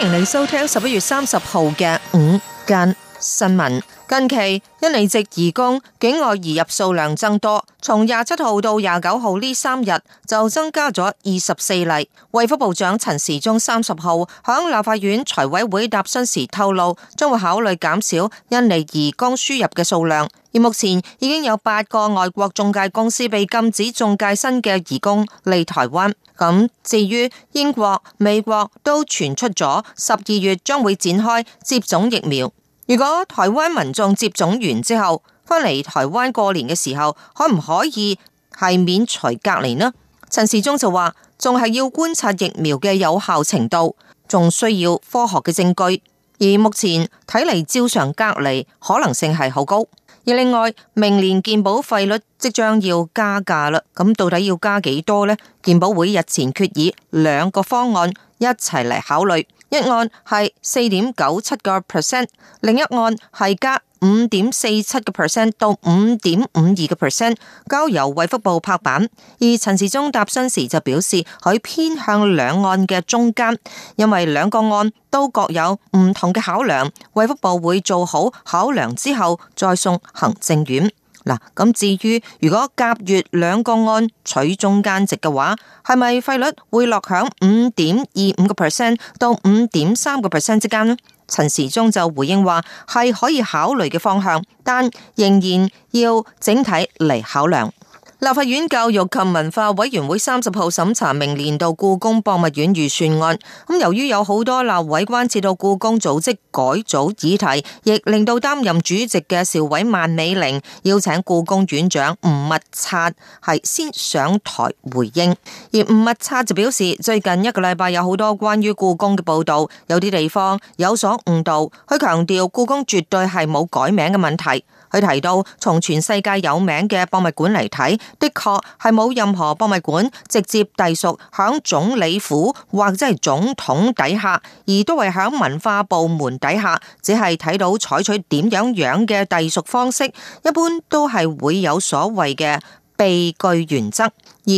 歡迎你收聽十一月三十號嘅午間。新聞，近期印尼籍移工境外移入數量增多，從廿七號到廿九號呢三日就增加咗二十四例。衛福部長陳時中三十號響立法院財委會答詢時透露，將會考慮減少印尼移工輸入嘅數量。而目前已經有八個外國中介公司被禁止中介新嘅移工嚟台灣。咁至於英國、美國都傳出咗十二月將會展開接種疫苗。如果台灣民眾接種完之後，返嚟台灣過年嘅時候，可唔可以係免除隔離呢？陳時中就話，仲係要觀察疫苗嘅有效程度，仲需要科學嘅證據。而目前睇嚟，照常隔離可能性係好高。而另外，明年健保費率即將要加價啦，咁到底要加幾多呢？健保會日前決議兩個方案一齊嚟考慮。一案係四點九七個 percent，另一案係加五點四七個 percent 到五點五二個 percent，交由衛福部拍板。而陳時中答詢時就表示，佢偏向兩案嘅中間，因為兩個案都各有唔同嘅考量，衛福部會做好考量之後再送行政院。嗱，咁至於如果甲乙兩個案取中間值嘅話，係咪費率會落響五點二五個 percent 到五點三個 percent 之間咧？陳時中就回應話係可以考慮嘅方向，但仍然要整體嚟考量。立法院教育及文化委員會三十號審查明年度故宮博物院預算案，咁由於有好多立委關切到故宮組織改組議題，亦令到擔任主席嘅召委萬美玲邀請故宮院長吳密察係先上台回應，而吳密察就表示，最近一個禮拜有好多關於故宮嘅報道，有啲地方有所誤導，佢強調故宮絕對係冇改名嘅問題。佢提到，從全世界有名嘅博物館嚟睇，的確係冇任何博物館直接隸屬響總理府或者係總統底下，而都係響文化部門底下。只係睇到採取點樣樣嘅隸屬方式，一般都係會有所謂嘅備據原則。而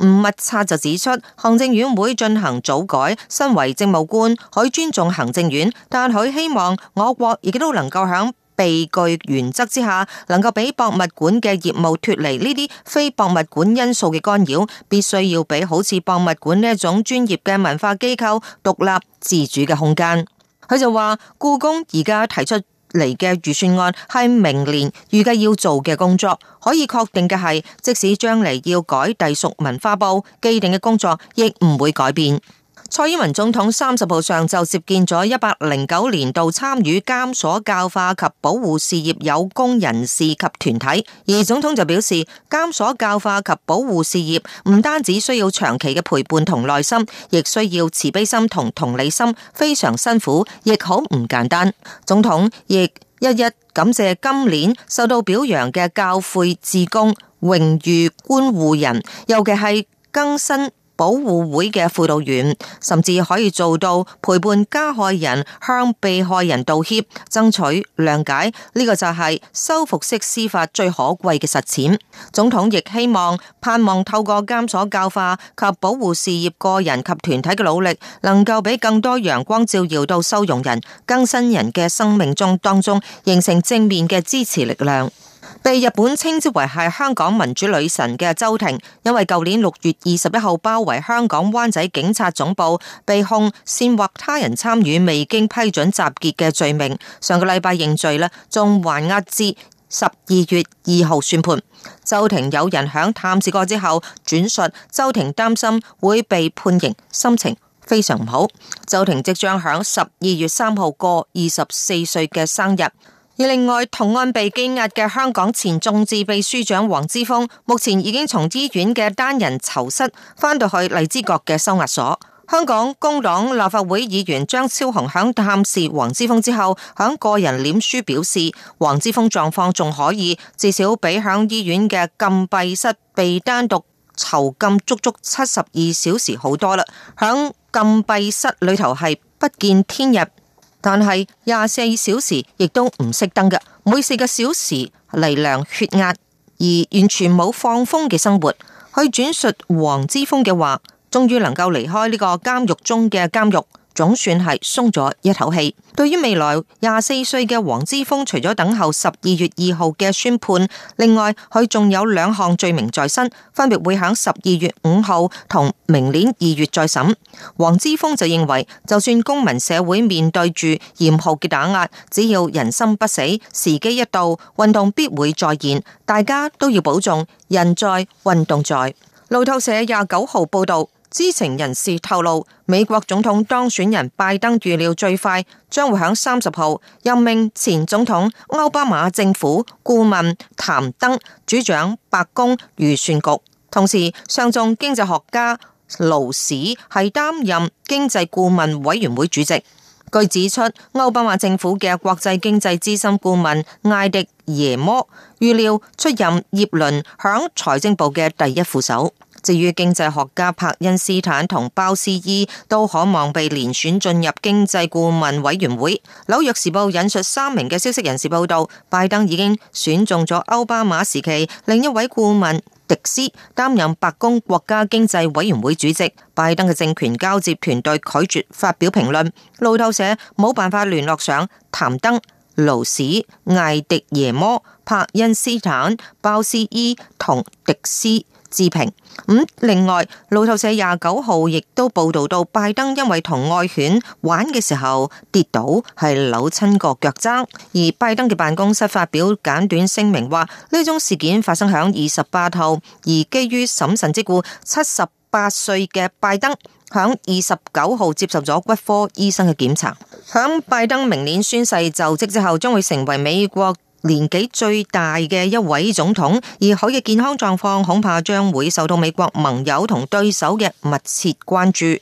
吳密察就指出，行政院會進行組改，身為政務官可以尊重行政院，但佢希望我國亦都能夠響秘據原則之下，能夠俾博物館嘅業務脫離呢啲非博物館因素嘅干擾，必須要俾好似博物館呢一種專業嘅文化機構獨立自主嘅空間。佢就話：故宮而家提出嚟嘅預算案係明年預計要做嘅工作，可以確定嘅係，即使將嚟要改隸屬文化部，既定嘅工作亦唔會改變。蔡英文總統三十號上晝接見咗一百零九年度參與監所教化及保護事業有功人士及團體，而總統就表示，監所教化及保護事業唔單止需要長期嘅陪伴同耐心，亦需要慈悲心同同理心，非常辛苦，亦好唔簡單。總統亦一一感謝今年受到表揚嘅教誨志工、榮譽觀護人，尤其係更生。保護會嘅輔導員，甚至可以做到陪伴加害人向被害人道歉，爭取諒解。呢個就係修復式司法最可貴嘅實踐。總統亦希望、盼望透過監所教化及保護事業個人及團體嘅努力，能夠俾更多陽光照耀到收容人、更生人嘅生命中當中，形成正面嘅支持力量。被日本稱之為係香港民主女神嘅周庭，因為舊年六月二十一號包圍香港灣仔警察總部，被控煽惑他人參與未經批准集結嘅罪名。上個禮拜認罪呢，仲還押至十二月二號宣判。周庭有人響探視過之後轉述，周庭擔心會被判刑，心情非常唔好。周庭即將響十二月三號過二十四歲嘅生日。而另外，同案被羈押嘅香港前眾志秘書長黃之鋒，目前已經從醫院嘅單人囚室返到去荔枝角嘅收押所。香港工黨立法會議員張超雄響探視黃之鋒之後，響個人臉書表示，黃之鋒狀況仲可以，至少比響醫院嘅禁閉室被單獨囚禁足足七十二小時好多啦。響禁閉室裏頭係不見天日。但係廿四小時亦都唔熄燈嘅，每四個小時嚟，量血壓，而完全冇放風嘅生活。去轉述黃之鋒嘅話，終於能夠離開呢個監獄中嘅監獄。總算係鬆咗一口氣。對於未來廿四歲嘅黃之鋒，除咗等候十二月二號嘅宣判，另外佢仲有兩項罪名在身，分別會喺十二月五號同明年二月再審。黃之鋒就認為，就算公民社會面對住嚴酷嘅打壓，只要人心不死，時機一到，運動必會再現。大家都要保重，人在運動在。路透社廿九號報道。知情人士透露，美國總統當選人拜登預料最快將會響三十號任命前總統奧巴馬政府顧問譚登主掌白宮預算局，同時上眾經濟學家勞史係擔任經濟顧問委員會主席。據指出，奧巴馬政府嘅國際經濟資深顧問艾迪耶摩預料出任葉倫響財政部嘅第一副手。至於經濟學家柏恩斯坦同鮑斯伊都可望被連選進入經濟顧問委員會。紐約時報引述三名嘅消息人士報道，拜登已經選中咗歐巴馬時期另一位顧問迪斯擔任白宮國家經濟委員會主席。拜登嘅政權交接團隊拒絕發表評論。路透社冇辦法聯絡上譚登、勞斯、艾迪耶摩、柏恩斯坦、鮑斯伊同迪斯。治平、嗯。另外，路透社廿九號亦都報道到，拜登因為同愛犬玩嘅時候跌倒，係扭親個腳踭。而拜登嘅辦公室發表簡短聲明話，呢種事件發生喺二十八號，而基於審慎之故，七十八歲嘅拜登響二十九號接受咗骨科醫生嘅檢查。響拜登明年宣誓就職之後，將會成為美國。年紀最大嘅一位總統，而佢嘅健康狀況恐怕將會受到美國盟友同對手嘅密切關注。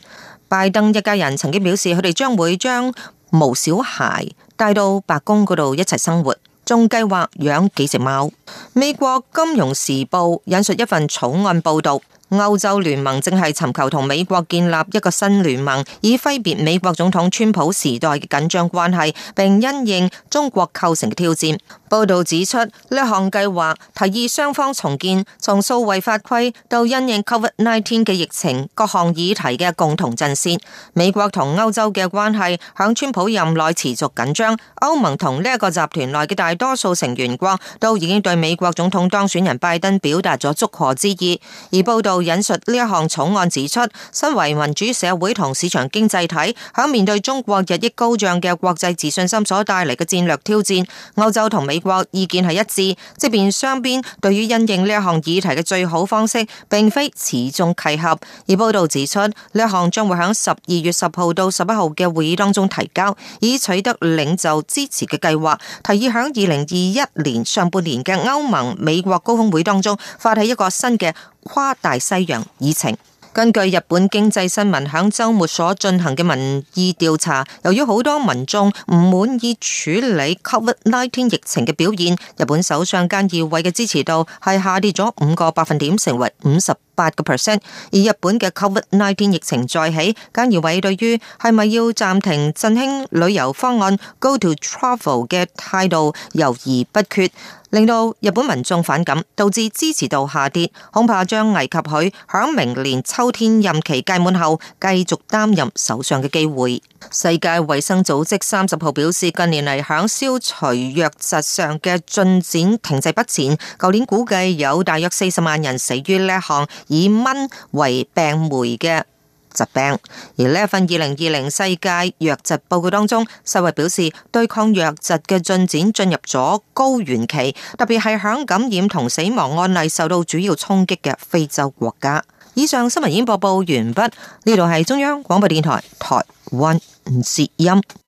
拜登一家人曾經表示，佢哋將會將毛小孩帶到白宮嗰度一齊生活，仲計劃養幾隻貓。美國金融時報引述一份草案報道。歐洲聯盟正係尋求同美國建立一個新聯盟，以揮別美國總統川普時代嘅緊張關係，並因應中國構成嘅挑戰。報道指出，呢項計劃提議雙方重建，從數位法規到因應 COVID-19 嘅疫情各項議題嘅共同陣線。美國同歐洲嘅關係響川普任內持續緊張，歐盟同呢一個集團內嘅大多數成員國都已經對美國總統當選人拜登表達咗祝賀之意，而報道。引述呢一項草案指出，身為民主社會同市場經濟體，響面對中國日益高漲嘅國際自信心所帶嚟嘅戰略挑戰，歐洲同美國意見係一致。即便雙邊對於因應呢一項議題嘅最好方式，並非始終契合。而報道指出，呢一項將會響十二月十號到十一號嘅會議當中提交，以取得領袖支持嘅計劃，提議響二零二一年上半年嘅歐盟美國高峰會當中發起一個新嘅誇大新西洋疫情，根據日本經濟新聞喺周末所進行嘅民意調查，由於好多民眾唔滿意處理 COVID-19 疫情嘅表現，日本首相菅義偉嘅支持度係下跌咗五個百分點，成為五十。八個 percent，而日本嘅 COVID-19 疫情再起，菅義偉對於係咪要暫停振興旅遊方案 Go-to Travel 嘅態度猶豫不決，令到日本民眾反感，導致支持度下跌，恐怕將危及佢響明年秋天任期屆滿後繼續擔任首相嘅機會。世界衛生組織三十號表示，近年嚟響消除瘧疾上嘅進展停滯不前，舊年估計有大約四十萬人死於呢項。以蚊為病媒嘅疾病，而呢一份二零二零世界瘧疾報告當中，世衛表示對抗瘧疾嘅進展進入咗高原期，特別係響感染同死亡案例受到主要衝擊嘅非洲國家。以上新聞已經播報完畢，呢度係中央廣播電台台灣之音。